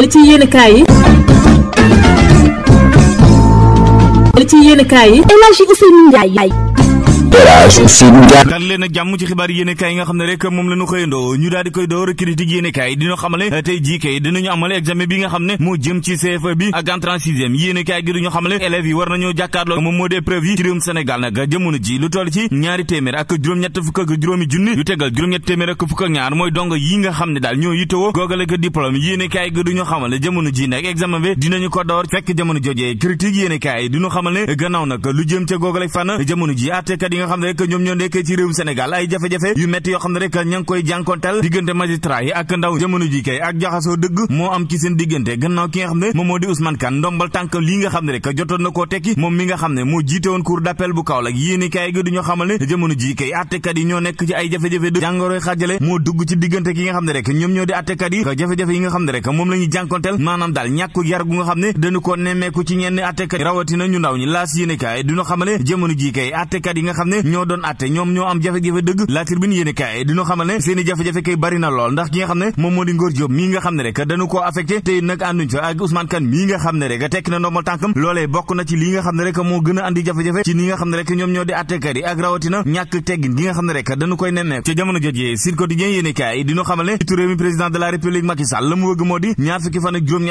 li ci yéenekaay yi li ci yéen kaay yi El Hadji Ousseynou Ndiaye daal leen ak jàmm ci xibaar yéenekaay yi nga xam ne rek moom la ñu xëyandoo ñu daal di koy door critique yéenekaay yi dina xamale bi nga xam ne moo jëm ci CFEE bi ak entrée en sixième yéenekaay gi duñu xamale élèves yi war nañoo jàkkaarloo moom moo di épreuve yi ci réewum Sénégal nag jamono ji lu toll ci ñaari téeméer ak juróom-ñett fukk ak juróomi junni yu tegal juróom-ñett téeméer ak fukk ak ñaar mooy dong yi nga xam ne daal ñoo yittewoo googale ko diplôme yéenekaay gi duñu xamale jamono ji nag examen bi dinañu ko door fekk jamono jojee critique yéenekaay yi xamal ne gannaaw nag lu jëm ca googalay fànn jamono ji àttekat yi nga xam ne rek ñoom ñoo di Ousmane Kane jafe-jafe yi nga xam ne rek moom la ñuy maanaam daal ñàkku yar gu nga xam ne dañu ko nemmeeku ci ñenn àttekat yi rawatina ñu ndaw ndaw laas yéenekaay du ñu xamal ne ji kay attekat yi nga xam ne ñoo doon atte ñoom ñoo am jafe-jafe kay bari lool ndax ki nga xam ne moom moo di Ngor mii nga xam ne rek dañu moo gën jafe-jafe ci ni nga xam ne rek ñoom ñoo di attekat yi ak rawatina ñàkk teggin gi nga xam ne rek dañu koy nenne ca jamono jojee Sud Quotidien yéenekaay du ñu xamal ne ci réew mi président de la République Macky Sall la mu bëgg moo di ñaar fukki fan ak juróom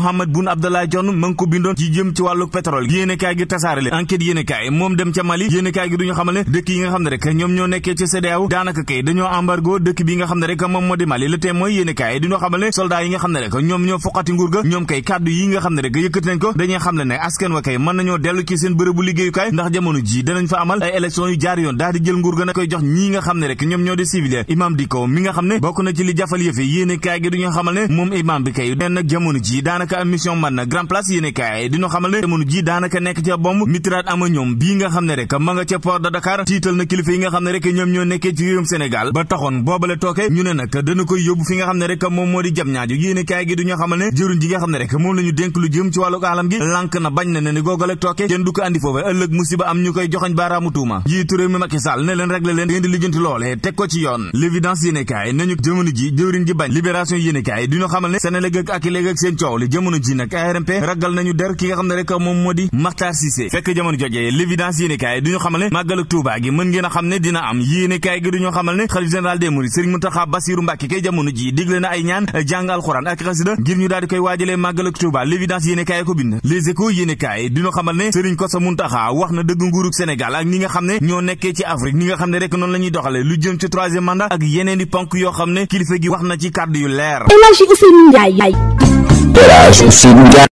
moom moo di Mali le témoin yéene kaay duñu xamal ne soldat yi nga xam ne rek ñoom ñoo wa kay mën nañoo dellu ci seen bërëbu liggéeyukaay ndax jamono ji danañ fa amal ay élection yu jaar yoon daal jël nguur ga nag koy jox ñi nga xam ne rek ñoom ñoo di civil imam di ko mi nga xam ne bokk na ci li jafal yëfe yéene kaay gi duñu xamal ne moom imam bi kay nag jamono ji daanaka kenn du ko andi foofu ëllëg musiba am ñu koy joxoñ baaraamu tuuma jiitu réew mi Macky Sall ne leen di lijjanti loolee teg ko ci yoon l'évidence yéene kaay nañu jamono ji jëwriñ ji bañ libération yéene kaay duñu xamal ne Sénégal ak Akileeg ak seen coow li jamono ji nag ARMP ragal nañu der ki nga xam ne rek moom moo di Makhtar Cissé fekk jamono jojee l'évidence yéenekaay duñu xamal ne màggalu Tuuba gi mën ngeen a xam ne dina am na ay ñaan jàng alxuraan ak xasida ngir ñu daal koy waajalee màggalu Tuuba l'évidence yéenekaay ko bind les échos duñu xamal ne Serigne Kossa Mountakha wax na dëgg nguurug Sénégal ak ñi nga xam ne ñoo nekkee ci Afrique ñi nga xam ne rek noonu la doxale lu jëm ci troisième mandat ak yeneen di ponk yoo xam Elage a Ndiaye